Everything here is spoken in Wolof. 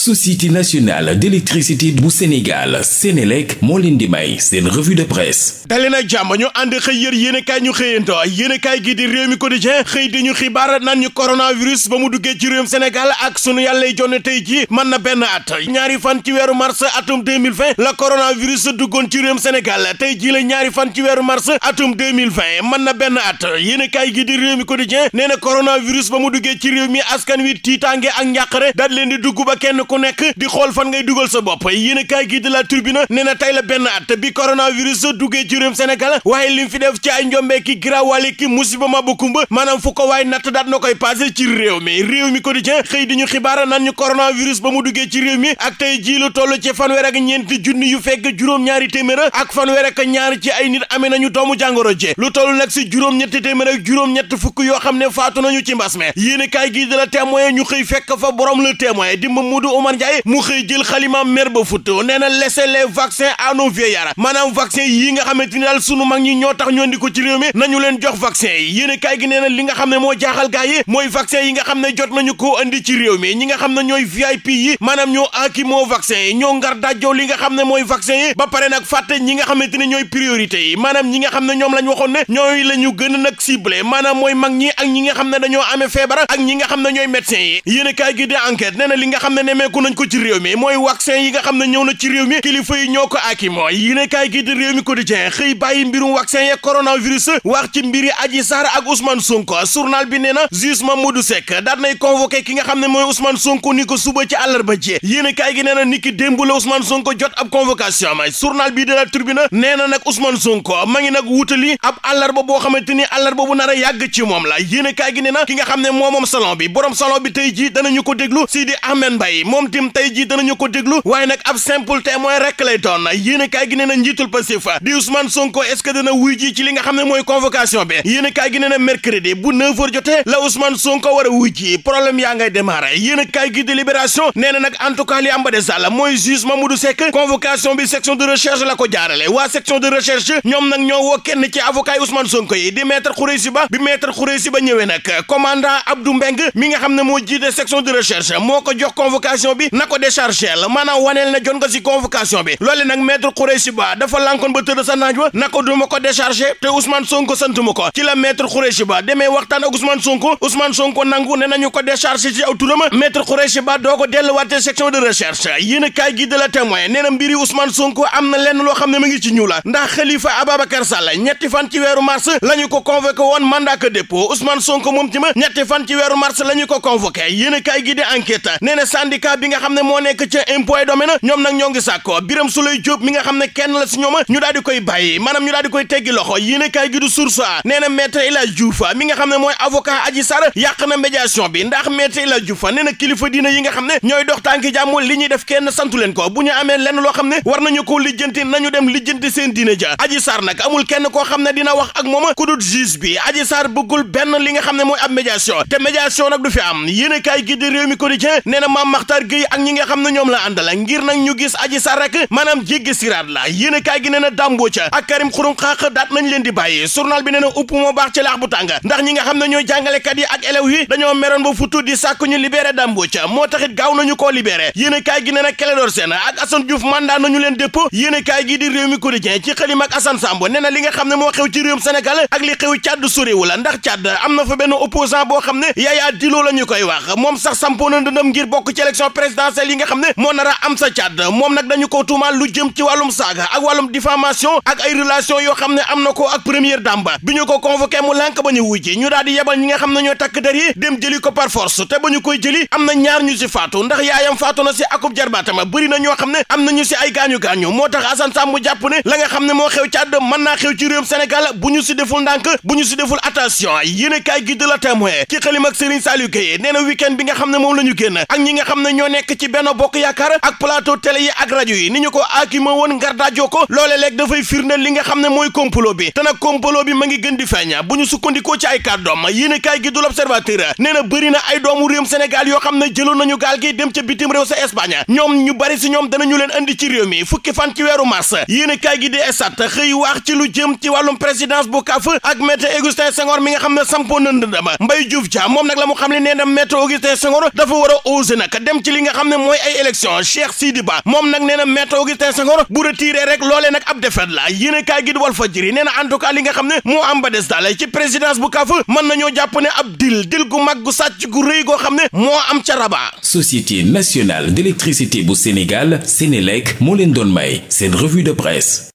société nationale d'électricité bu Sénégal Sénélec moo leen di may seen revue de presse dali nag jàmm ñu ànd xëy yër yéenekaay ñu xëyanto yéenekaay gi di réew mi quotidien xëy di ñu xibaar naan ñu coronavirus ba mu duggee ci réewum Sénégal ak sunu yàlla yàllay jonne tey ji mën na benn at ñaari fan ci weeru mars atum 2020 la coronavirus duggoon ci réewum Sénégal tey ji la ñaari fan ci weeru mars atum 2020 mën na benn at yéenekaay gi di réew mi quotidien nee na coronavirus ba mu duggee ci réew mi askan wi tiitaange ak njàqare daal leen di dugg ba kenn ko nekk di xool fan ngay dugal sa bopp yéen kaay gii di la Tribune nee na tey la benn at bi coronavirus duggee ci réewum Sénégal waaye lim fi def ci ay njombee ki giraawale ki musiba ma bu kumba maanaam fu ko waaye natt daat na koy passé ci réew mi réew mi quotidien xëy di ñu xibaar naan ñu coronavirus ba mu duggee ci réew mi ak tey jii lu toll ci fanweer ak ñeenti junni yu fekk juróom-ñaari téeméer ak fan fanweer ak ñaari ci ay nit amee nañu doomu jàngoro ji lu toll nag si juróom-ñetti téeméer fukk yoo xam ne faatu nañu ci mbas mi yéen gii di la témoin ñu xëy fekk borom la témoin di Mamadou Omar Ndiaye mu xëy jël xalima mer ba futtoo nee na laisser les vaccins à nos maanaam vaccin yi nga xamante ni daal sunu mag ñi ñoo tax ñoo indi ko ci nañu leen jox vaccin yi yéen kaay gi nee li nga xam ne moo jaaxal gaa yi mooy vaccin yi nga xam ne jot nañu ko indi ci ñi nga xam ne ñooy VIP yi maanaam ñoo aki moo vaccin yi ñoo ngar dajjoo li nga xam ne mooy vaccin yi ba nag fàtte ñi ñi nga xam ne ñoom ñooy la nemmeeku nañ ko ci réew mi mooy vaccin yi nga xam ne ñëw na ci réew mi kilifa yi ñoo ko akimoo yi ne kaay gi di réew mi quotidien xëy bàyyi mbirum vaccin ya coronavirus wax ci mbiri Adji Sarr ak Ousmane Sonko journal bi nee na juge Mamadou Seck daat nay convoqué ki nga xam ne mooy Ousmane Sonko ni ko suba ci àllarba ji yéen kaay gi nee na niki démb la Ousmane Sonko jot ab convocation ma journal bi de la Tribune nee na nag Ousmane Sonko ma ngi nag wutali ab àllarba boo xamante ni àllarba bu nar a yàgg ci moom la yéen kaay gi na ki ne moo moom salon bi borom salon bi tey ji danañu ko déglu Sidi Ahmed Mbaye moom tim tey jii danañu ko déglu waaye nag ab simple témoin rek lay doon yéen a kaay gi nee na njiitul di Ousmane Sonko est-ce que dana ci li nga xam ne mooy convocation bi yéen a gi nee na bu 9 jotee la Ousmane Sonko war a wuy ji yaa ngay démarré yéen a kaay gi délibération nee na nag en ba des daal mooy juge Mamadou Seck convocation bi section de recherche la ko jaarale waa section de recherche ñoom nag bi na ko la maanaam waneel ne jot nga si convocation bi loole nag maître Khoureyssi Ba dafa lankoon ba tëdd sa naaj wa na ko du ma ko déchargé te Ousmane Sonko sant ko ci la maître Ba demee waxtaan ak Ousmane Sonko Ousmane Sonko nangu ne nañu ko déchargé ci aw turam maître Khoureyssi Ba doo ko delluwaate section de recherche yéen a kaay gi la témoin nee na mbiri Ousmane Sonko am na lenn loo xam ne ma ngi ñu la ndax Khalifa Ababacar Sall ñetti fan ko convoqué woon mandat de dépôt Ousmane Sonko ma la ko bi nga xam ne moo nekk ca impôt et na ñoom nag ñoo ngi sàkko Biram Souleye Diop mi nga xam ne kenn la si ñoom ñu daal di koy bàyyi maanaam ñu daal koy teggi loxo yéen a kaay gi du source nee na maître El mi nga xam ne mooy avocat Adji Sarr yàq na médiation bi ndax maître El Hadji Diouf nee na kilifa diina yi nga xam ne ñooy dox tànki jàmm li ñuy def kenn santu leen ko bu ñu amee lenn loo xam ne war nañu ko lijjanti nañu dem lijjanti seen diina ja Adji Sarr nag amul kenn koo xam ne dina wax ak moom ku dul juge bi Adji Sarr benn li nga xam ne mooy ab médiation te médiation nag du fi am yéen a kaay gi di mi quotidien nee na Mame Makhtar Gueye ak ñi nga ne ñoom la àndala ngir nag ñu gis Adji Sarr rek maanaam jéggi siraat la yéen a kaay gi nee na dàmboo ca ak Karim Xurum Xaax daat nañ leen di bàyyi journal bi nee na upp moo baax ci bu tàng ndax ñi nga xam ne ñooy jàngalekat yi ak élèves yi dañoo meroon ba futu di sàkku ñu libéré dàmboo ca moo taxit gaaw nañu koo libéré yéen a kaay gi nee na Clédor Sène ak Assane Diouf mandat nañu leen dépp yéen a kaay gi di réew mi quotidien ci ci réewum Sénégal ak li élection présidentielle yi nga xam ne moo nar a am sa Tchad moom nag dañu ko tuumaal lu jëm ci wàllum saaga ak wàllum diffamation ak ay relation yoo xam ne am na ko ak première dame bi ñu ko convoqué mu xam ne ñu si faatu ndax yaayam faatu na si akub jarbaatama bëri na xam ne am na ñu si ay gaañu-gaañu moo tax Assane Samb jàpp ne la xam ne moo xew Tchad mën naa xew ci réewum Sénégal bu ñu si deful ndànk bu ñu si deful attention yéen a kaay gi ñoo nekk ci benn bokk yaakaar ak plateau ak rajo yi ni ñu ko akimo woon ngar daajoo ko loole léeg dafay firndeel li nga xam ne mooy complot bi te nag complot bi ma ngi gën di feeña bu ñu sukkandikoo ci ay kàddoom yéen kaay gi du l'observateur nee na bëri na ay doomu réewum Sénégal yoo xam ne jëloon nañu gaal dem ca bitim réew sa Espagne ñoom ñu bari si ñoom danañu leen andi ci réew mi fukki fan ci weeru mars yéen kaay gi di esat xëy wax ci lu jëm ci wàllum présidence bu CAF ak maître Augustin Senghor mi nga xam ne sampoon na mbay Mbaye Diouf Dia moom nag la mu xam ne nee na maître Augustin Senghor dafa war a osé dem ci li nga xam ne mooy ay élection Cheikh Sidi Ba moom nag nee na maître Augustin Senghor bu retiré rek loole nag ab défaite la yéene kaay gi di Walf nee na en tout cas li nga xam ne moo am ba des daal ci présidence bu CAF mën nañoo jàpp ne ab dil dil gu mag gu sàcc gu rëy goo xam ne moo am ca Rabat. Société nationale d'électricité bu Sénégal Sénélec moo leen doon may seen revue de presse.